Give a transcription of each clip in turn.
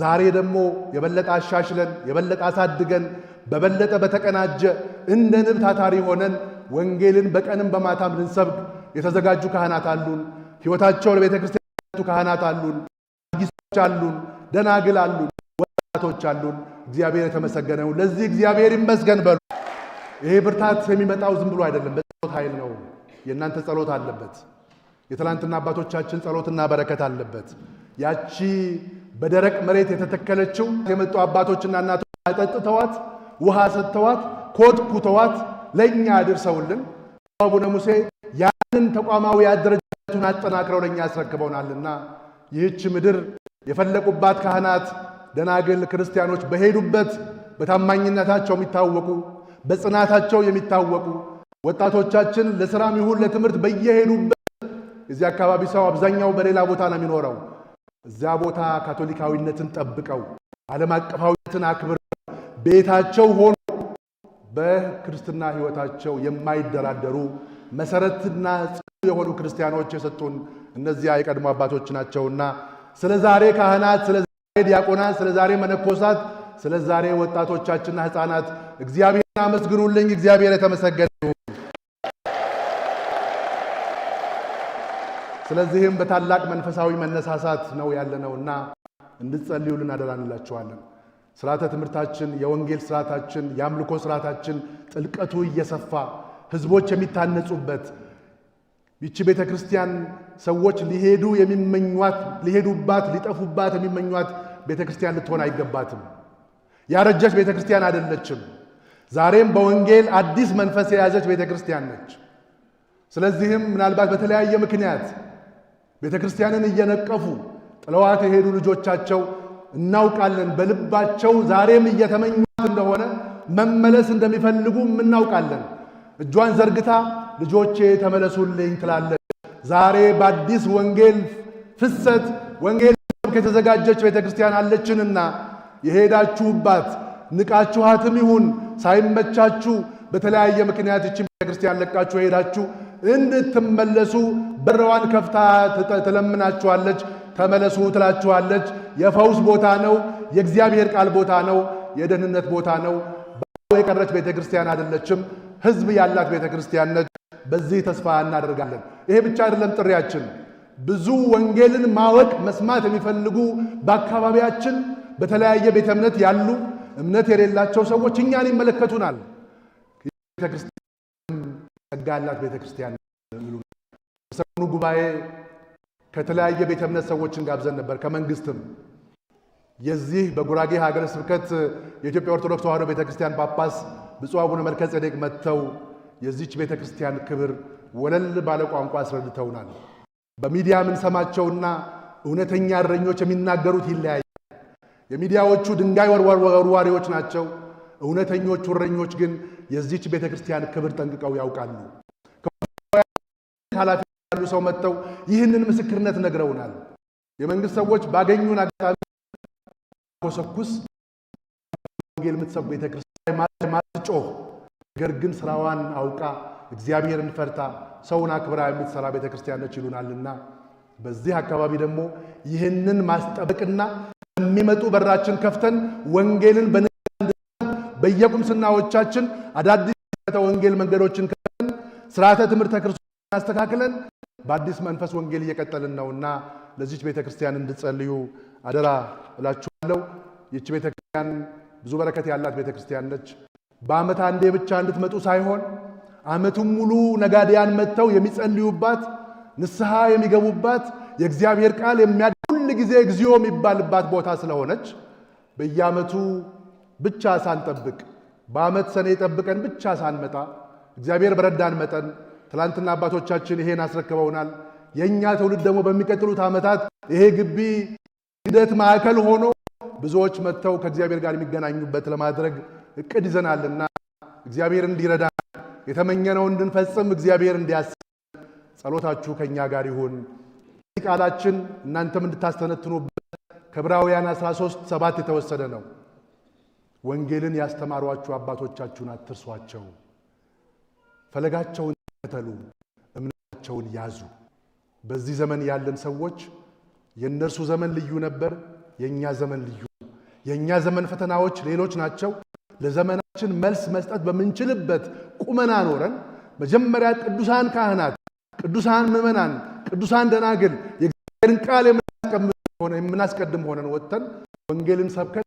ዛሬ ደግሞ የበለጠ አሻሽለን የበለጠ አሳድገን በበለጠ በተቀናጀ እንደ ንብ ታታሪ ሆነን ወንጌልን በቀንም በማታም ልንሰብክ የተዘጋጁ ካህናት አሉን። ሕይወታቸውን ለቤተ ክርስቲያን ካህናት አሉን። አጊሶች አሉን። ደናግል አሉን። ወጣቶች አሉን። እግዚአብሔር የተመሰገነ ለዚህ እግዚአብሔር ይመስገን በሉ። ይሄ ብርታት የሚመጣው ዝም ብሎ አይደለም፣ በጸሎት ኃይል ነው። የእናንተ ጸሎት አለበት። የትላንትና አባቶቻችን ጸሎትና በረከት አለበት። ያቺ በደረቅ መሬት የተተከለችው የመጡ አባቶችና እናቶች አጠጥተዋት ውሃ ሰጥተዋት ኮትኩተዋት ለእኛ አድርሰውልን አቡነ ሙሴ ያንን ተቋማዊ አደረጃጀቱን አጠናክረው ለእኛ ያስረክበውናልና ይህች ምድር የፈለቁባት ካህናት፣ ደናግል፣ ክርስቲያኖች በሄዱበት በታማኝነታቸው የሚታወቁ በጽናታቸው የሚታወቁ ወጣቶቻችን ለሥራም ይሁን ለትምህርት በየሄዱበት እዚህ አካባቢ ሰው አብዛኛው በሌላ ቦታ ነው የሚኖረው። እዚያ ቦታ ካቶሊካዊነትን ጠብቀው ዓለም አቀፋዊነትን አክብረው ቤታቸው ሆኖ በክርስትና ሕይወታቸው የማይደራደሩ መሰረትና ጽኑ የሆኑ ክርስቲያኖች የሰጡን እነዚያ የቀድሞ አባቶች ናቸውና ስለ ዛሬ ካህናት፣ ስለ ዛሬ ዲያቆናት፣ ስለ ዛሬ መነኮሳት፣ ስለ ዛሬ ወጣቶቻችንና ሕፃናት እግዚአብሔርን አመስግኑልኝ። እግዚአብሔር የተመሰገነ ስለዚህም በታላቅ መንፈሳዊ መነሳሳት ነው ያለነውና እንድትጸልዩ አደራ እንላችኋለን። ስርዓተ ትምህርታችን፣ የወንጌል ስርዓታችን፣ የአምልኮ ስርዓታችን ጥልቀቱ እየሰፋ ህዝቦች የሚታነጹበት ይቺ ቤተ ክርስቲያን ሰዎች ሊሄዱ የሚመኟት ሊሄዱባት ሊጠፉባት የሚመኟት ቤተ ክርስቲያን ልትሆን አይገባትም። ያረጀች ቤተ ክርስቲያን አይደለችም። ዛሬም በወንጌል አዲስ መንፈስ የያዘች ቤተ ክርስቲያን ነች። ስለዚህም ምናልባት በተለያየ ምክንያት ቤተ ክርስቲያንን እየነቀፉ ጥለዋት የሄዱ ልጆቻቸው እናውቃለን። በልባቸው ዛሬም እየተመኟት እንደሆነ መመለስ እንደሚፈልጉም እናውቃለን። እጇን ዘርግታ ልጆቼ ተመለሱልኝ ትላለች። ዛሬ በአዲስ ወንጌል ፍሰት ወንጌል የተዘጋጀች ቤተ ክርስቲያን አለችንና የሄዳችሁባት ንቃችኋትም ይሁን ሳይመቻችሁ በተለያየ ምክንያት ይችን ቤተ ክርስቲያን ለቃችሁ ሄዳችሁ እንድትመለሱ በረዋን ከፍታ ትለምናችኋለች፣ ተመለሱ ትላችኋለች። የፈውስ ቦታ ነው። የእግዚአብሔር ቃል ቦታ ነው። የደህንነት ቦታ ነው። የቀረች ቤተ ክርስቲያን አይደለችም። ህዝብ ያላት ቤተ ክርስቲያን ነች። በዚህ ተስፋ እናደርጋለን። ይሄ ብቻ አይደለም ጥሪያችን። ብዙ ወንጌልን ማወቅ መስማት የሚፈልጉ በአካባቢያችን በተለያየ ቤተ እምነት ያሉ እምነት የሌላቸው ሰዎች እኛን ይመለከቱናል። ቤተክርስቲያን ጸጋ ያላት ቤተክርስቲያን ጉባኤ ከተለያየ ቤተ እምነት ሰዎችን ጋብዘን ነበር። ከመንግስትም የዚህ በጉራጌ ሀገረ ስብከት የኢትዮጵያ ኦርቶዶክስ ተዋሕዶ ቤተ ክርስቲያን ጳጳስ ብፁዕ አቡነ መልከ ጼዴቅ መጥተው የዚች ቤተ ክርስቲያን ክብር ወለል ባለ ቋንቋ አስረድተውናል። በሚዲያ የምንሰማቸውና እውነተኛ እረኞች የሚናገሩት ይለያያል። የሚዲያዎቹ ድንጋይ ወርዋሪዎች ናቸው። እውነተኞቹ እረኞች ግን የዚች ቤተ ክርስቲያን ክብር ጠንቅቀው ያውቃሉ። ያሉ ሰው መጥተው ይህንን ምስክርነት ነግረውናል። የመንግስት ሰዎች ባገኙን አጋጣሚ ኮሰኩስ ወንጌል የምትሰብክ ቤተክርስቲያን ማትጮህ ነገር ግን ስራዋን አውቃ እግዚአብሔርን ፈርታ ሰውን አክብራ የምትሰራ ቤተክርስቲያን ነች ይሉናልና በዚህ አካባቢ ደግሞ ይህንን ማስጠበቅና የሚመጡ በራችን ከፍተን ወንጌልን በን በየቁምስናዎቻችን አዳዲስ ወንጌል መንገዶችን ከፍተን ስርዓተ ትምህርተ ክርስቶስ አስተካክለን በአዲስ መንፈስ ወንጌል እየቀጠልን ነውና ለዚች ቤተ ክርስቲያን እንድጸልዩ አደራ እላችኋለሁ። ይቺ ቤተ ክርስቲያን ብዙ በረከት ያላት ቤተ ክርስቲያን ነች። በዓመት አንዴ ብቻ እንድትመጡ ሳይሆን ዓመቱን ሙሉ ነጋድያን መጥተው የሚጸልዩባት፣ ንስሐ የሚገቡባት፣ የእግዚአብሔር ቃል የሚያ ሁል ጊዜ እግዚኦ የሚባልባት ቦታ ስለሆነች በየዓመቱ ብቻ ሳንጠብቅ በዓመት ሰኔ ጠብቀን ብቻ ሳንመጣ እግዚአብሔር በረዳን መጠን ትላንትና አባቶቻችን ይሄን አስረክበውናል። የእኛ ትውልድ ደግሞ በሚቀጥሉት ዓመታት ይሄ ግቢ ሂደት ማዕከል ሆኖ ብዙዎች መጥተው ከእግዚአብሔር ጋር የሚገናኙበት ለማድረግ እቅድ ይዘናልና እግዚአብሔር እንዲረዳ የተመኘነው እንድንፈጽም እግዚአብሔር እንዲያስብ ጸሎታችሁ ከእኛ ጋር ይሁን። ይህ ቃላችን እናንተም እንድታስተነትኑበት ከዕብራውያን 13 ሰባት የተወሰደ ነው። ወንጌልን ያስተማሯችሁ አባቶቻችሁን አትርሷቸው ፈለጋቸውን ተከተሉ፣ እምነታቸውን ያዙ። በዚህ ዘመን ያለን ሰዎች የእነርሱ ዘመን ልዩ ነበር፣ የእኛ ዘመን ልዩ የእኛ ዘመን ፈተናዎች ሌሎች ናቸው። ለዘመናችን መልስ መስጠት በምንችልበት ቁመና ኖረን መጀመሪያ ቅዱሳን ካህናት፣ ቅዱሳን ምዕመናን፣ ቅዱሳን ደናግል የእግዚአብሔርን ቃል የምናስቀድም ሆነን ወጥተን ወንጌልን ሰብከን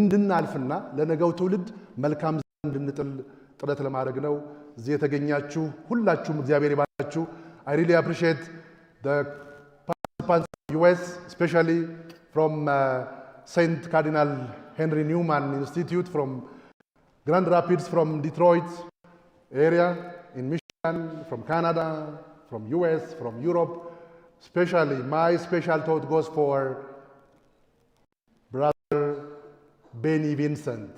እንድናልፍና ለነገው ትውልድ መልካም እንድንጥል ጥረት ለማድረግ ነው። I really appreciate the participants in the US, especially from uh, St. Cardinal Henry Newman Institute from Grand Rapids, from Detroit area in Michigan, from Canada, from US, from Europe. Especially, my special thought goes for Brother Benny Vincent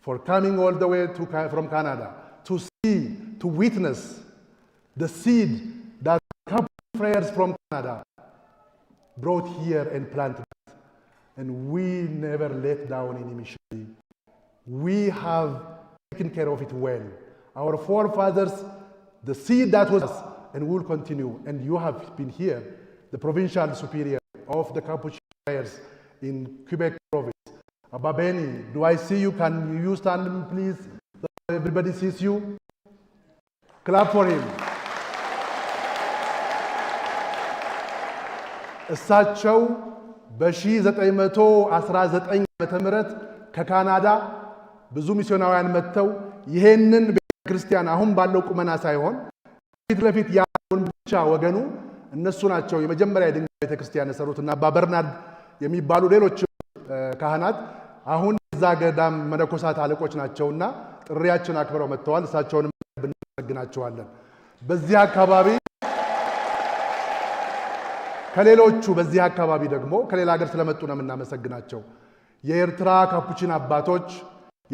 for coming all the way from Canada to witness the seed that couple from Canada brought here and planted. And we never let down any Missionary. We have taken care of it well. Our forefathers, the seed that was us, and will continue. And you have been here, the provincial superior of the Capuchin Friars in Quebec province. Ababeni, do I see you? Can you stand, please? Everybody sees you. Clap for him. እሳቸው በ1919 ዓ.ም ከካናዳ ብዙ ሚስዮናውያን መጥተው ይሄንን ቤተክርስቲያን አሁን ባለው ቁመና ሳይሆን ፊት ለፊት ያለውን ብቻ ወገኑ እነሱ ናቸው የመጀመሪያ የድንጋይ ቤተክርስቲያን የሰሩት እና አባ በርናርድ የሚባሉ ሌሎች ካህናት አሁን የዛ ገዳም መነኮሳት አለቆች ናቸውና ጥሪያችን አክብረው መጥተዋል። እሳቸውን እናመሰግናቸዋለን። በዚህ አካባቢ ከሌሎቹ በዚህ አካባቢ ደግሞ ከሌላ ሀገር ስለመጡ ነው የምናመሰግናቸው። የኤርትራ ካፑቺን አባቶች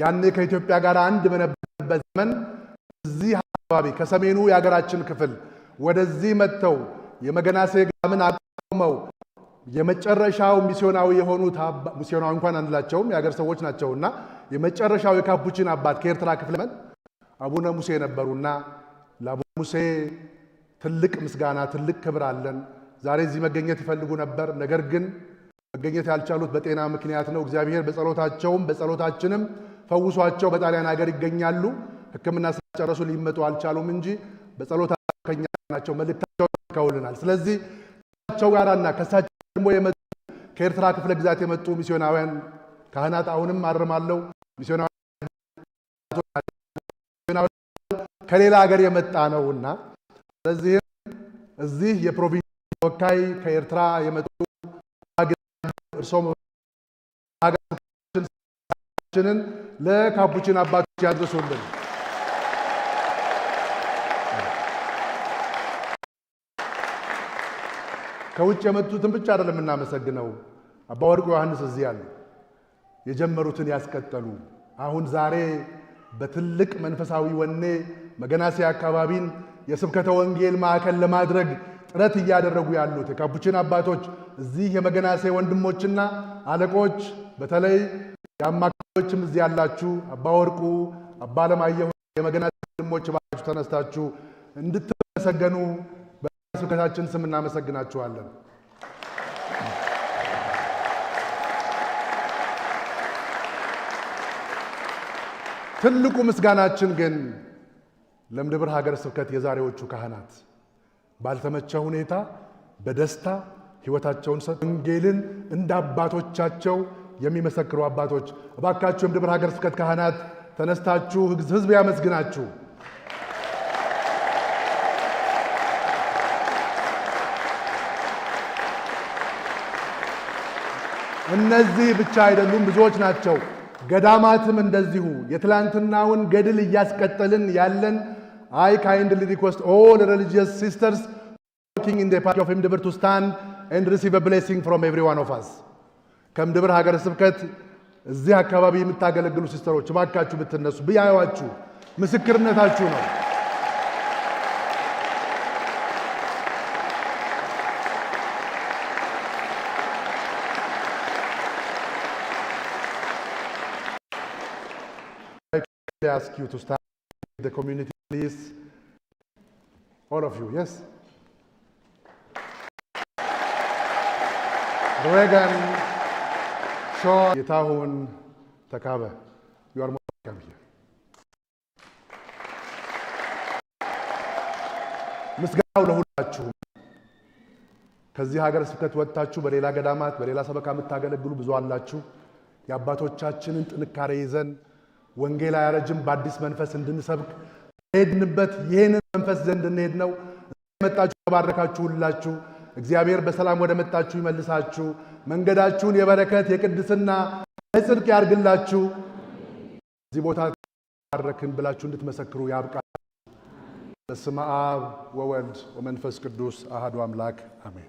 ያኔ ከኢትዮጵያ ጋር አንድ በነበረበት ዘመን እዚህ አካባቢ ከሰሜኑ የሀገራችን ክፍል ወደዚህ መጥተው የመገናሴ ጋምን አቆመው የመጨረሻው ሚስዮናዊ የሆኑት ሚስዮናዊ እንኳን አንላቸውም የሀገር ሰዎች ናቸውና የመጨረሻው የካፑቺን አባት ከኤርትራ ክፍል አቡነ ሙሴ ነበሩና ለአቡነ ሙሴ ትልቅ ምስጋና ትልቅ ክብር አለን። ዛሬ እዚህ መገኘት ይፈልጉ ነበር፣ ነገር ግን መገኘት ያልቻሉት በጤና ምክንያት ነው። እግዚአብሔር በጸሎታቸውም በጸሎታችንም ፈውሷቸው በጣሊያን ሀገር ይገኛሉ። ሕክምና ስላጨረሱ ሊመጡ አልቻሉም እንጂ በጸሎታቸው ከኛ ናቸው፣ መልእክታቸውን ልከውልናል። ስለዚህ ከሳቸው ጋራና ከሳቸው ደግሞ የመጡ ከኤርትራ ክፍለ ግዛት የመጡ ሚስዮናውያን ካህናት አሁንም አርማለሁ ሚስዮና ከሌላ ሀገር የመጣ ነውና፣ ስለዚህም እዚህ የፕሮቪንስ ተወካይ ከኤርትራ የመጡ እርሶችንን ለካፑችን አባቶች ያድርሱልን። ከውጭ የመጡትን ብቻ አይደለም የምናመሰግነው። አባ ወርቁ ዮሐንስ እዚህ ያሉ የጀመሩትን ያስቀጠሉ አሁን ዛሬ በትልቅ መንፈሳዊ ወኔ መገናሴ አካባቢን የስብከተ ወንጌል ማዕከል ለማድረግ ጥረት እያደረጉ ያሉት የካፑችን አባቶች እዚህ የመገናሴ ወንድሞችና አለቆች በተለይ የአማካሪዎችም እዚህ ያላችሁ አባ ወርቁ፣ አባ አለማየሁ የመገናሴ ወንድሞች ባችሁ ተነስታችሁ እንድትመሰገኑ በስብከታችን ስም እናመሰግናችኋለን። ትልቁ ምስጋናችን ግን ለምድብር ሀገረ ስብከት የዛሬዎቹ ካህናት ባልተመቸ ሁኔታ በደስታ ሕይወታቸውን ሰጥ ወንጌልን እንደ አባቶቻቸው የሚመሰክሩ አባቶች እባካችሁ የምድብር ሀገረ ስብከት ካህናት ተነስታችሁ ሕዝብ ያመስግናችሁ። እነዚህ ብቻ አይደሉም፣ ብዙዎች ናቸው። ገዳማትም እንደዚሁ የትላንትናውን ገድል እያስቀጠልን ያለን I kindly request all religious sisters working in the party of Imdebir to stand and receive a blessing from every one of us. ከምድብር ሀገረ ስብከት እዚህ አካባቢ የምታገለግሉ ሲስተሮች እባካችሁ ብትነሱ ብያዩዋችሁ፣ ምስክርነታችሁ ነው። I ask you to start the community Please, all of you, yes? Regan Shaw Yitahun Takaba, you are welcome here. ምስጋናው ለሁላችሁም። ከዚህ ሀገር ስብከት ወጥታችሁ በሌላ ገዳማት በሌላ ሰበካ የምታገለግሉ ብዙ አላችሁ። የአባቶቻችንን ጥንካሬ ይዘን ወንጌል አያረጅም በአዲስ መንፈስ እንድንሰብክ የሄድንበት ይህንን መንፈስ ዘንድ እንሄድ ነው። መጣችሁ ተባረካችሁ ሁላችሁ። እግዚአብሔር በሰላም ወደ መጣችሁ ይመልሳችሁ። መንገዳችሁን የበረከት የቅድስና የጽድቅ ያርግላችሁ። እዚህ ቦታ ተባረክን ብላችሁ እንድትመሰክሩ ያብቃል። በስመ አብ ወወልድ ወመንፈስ ቅዱስ አህዱ አምላክ አሜን።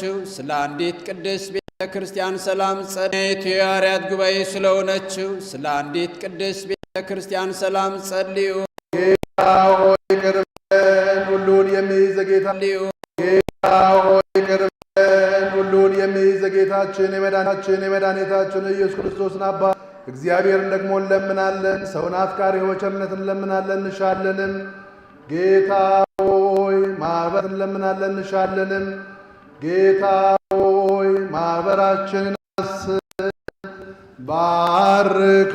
ስለሆነችው ስለ አንዲት ቅድስት ቤተ ክርስቲያን ሰላም ጸልዩ። የሐዋርያት ጉባኤ ስለሆነችው ስለ አንዲት ቅድስት ቤተ ክርስቲያን ሰላም ጸልዩ። ጌታ ሆይ ይቅር በለን፣ ሁሉን የሚይዝ ጌታ ጌታ ሆይ ይቅር በለን፣ ሁሉን የሚይዝ ጌታችን የመድኃኒታችን የመድኃኒታችን ኢየሱስ ክርስቶስን አባ እግዚአብሔርን ደግሞ እንለምናለን። ሰውን አፍቃሪ ሆይ ቸርነትን እንለምናለን እንሻለንም ጌታ ሆይ ማዕበትን እንለምናለን እንሻለንም ጌታ ሆይ ማኅበራችንን አስብ፣ ባርከ